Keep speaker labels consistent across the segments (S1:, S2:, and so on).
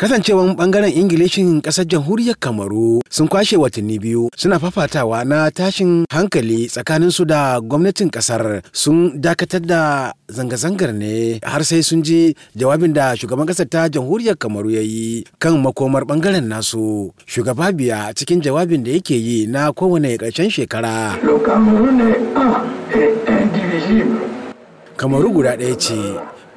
S1: kasancewan bangaren ingilishin kasar jamhuriyar kamaru sun kwashe watanni biyu suna fafatawa na tashin hankali tsakanin su da gwamnatin kasar sun dakatar da zanga-zangar ne har sai sun ji jawabin da shugaban kasar ta jamhuriyar kamaru ya yi kan makomar bangaren nasu shugaba biya cikin jawabin da yake yi na kowane ƙarshen shekara kamaru guda ɗaya ce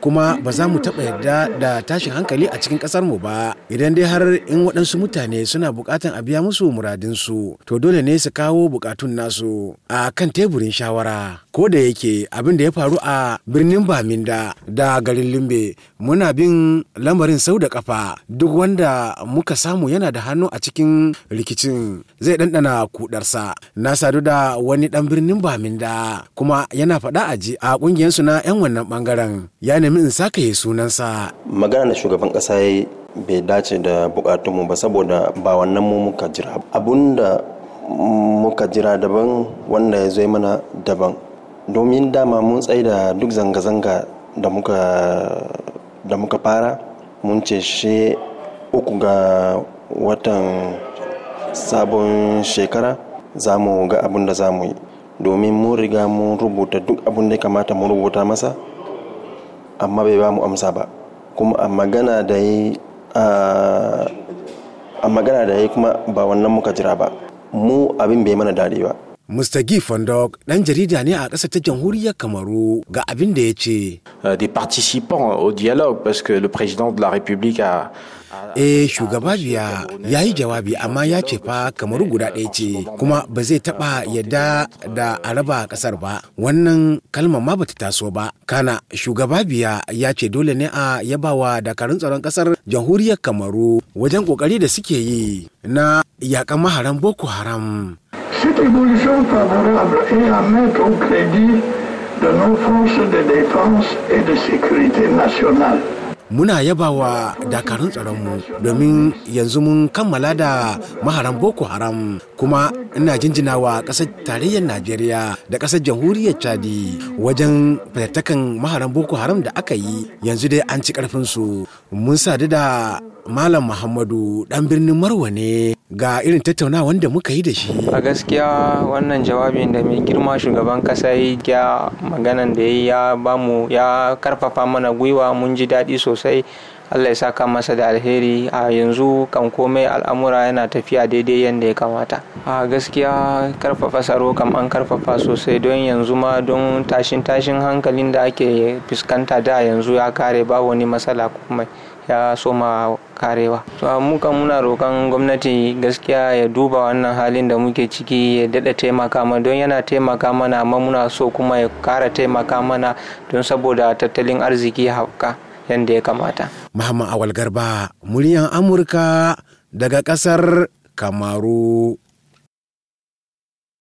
S1: kuma ba za mu taɓa yadda da tashin hankali a cikin ƙasar mu ba idan dai har in waɗansu mutane suna buƙatan a biya musu muradinsu to dole ne su kawo bukatun nasu a kan teburin shawara ko da yake abin da ya faru a birnin baminda da garin limbe muna bin lamarin sau da kafa duk wanda muka samu yana da hannu a cikin rikicin zai ɗanɗana kudarsa na sadu da wani ɗan birnin baminda kuma yana faɗa a ji a ƙungiyarsu na 'yan wannan bangaren ya nemi domin yi sunansa.
S2: Magana da shugaban ƙasa ya bai dace da bukatunmu ba saboda ba wannan mu muka jira. Abun da muka jira daban wanda ya zo mana daban. Domin dama mun tsaye da duk zanga-zanga da muka da fara mun ce she uku ga watan sabon shekara za mu ga abin da za mu yi domin mun riga mun rubuta duk abin da ya kamata mu rubuta masa amma bai ba mu amsa ba kuma a magana da yi a da kuma ba wannan muka jira ba mu abin
S1: bai mana dare ba Mustagi Fondog ɗan jarida ne a ƙasar ta jamhuriyar Kamaru ga abin da ya ce. Euh, des participants au dialogue parce que le président de la République a eh shugaba biya ya yi jawabi amma ya ce fa kamar guda ɗaya ce kuma ba zai taɓa yadda da a raba ƙasar ba wannan kalma ma bata taso ba kana shugaba biya ya ce dole ne a yabawa dakarun tsaron ƙasar jamhuriyar kamaru wajen ƙoƙari da suke yi na yaƙan maharan boko haram
S3: de nos forces
S1: de défense et de sécurité nationale. muna yaba wa dakarun tsaronmu domin yanzu mun kammala da maharan boko haram kuma ina jinjina wa ƙasar tarayyar najeriya da ƙasar jamhuriyar chadi wajen fitattakan maharan boko haram da aka yi yanzu dai an ci ƙarfinsu mun sadu da malam muhammadu dan birnin marwa ne ga irin tattaunawa da muka yi da shi
S3: a gaskiya wannan jawabin da mai girma shugaban kasa ya maganan da ya bamu ya karfafa mana gwiwa mun ji daɗi sosai allah ya sa saka masa da alheri a yanzu kan komai al'amura yana tafiya daidai yadda ya kamata a gaskiya karfafa tsaro kam an karfafa sosai don yanzu ma don tashin tashin hankalin da ake fuskanta da yanzu ya kare ba wani matsala kuma ya soma karewa to mu kan muna roƙon gwamnati gaskiya ya duba wannan halin da muke ciki ya daɗa taimaka mana don yana taimaka mana amma muna so kuma ya kara taimaka mana don saboda tattalin arziki hauka yadda ya kamata
S1: muhammad awal garba
S3: muryan amurka daga ƙasar kamaru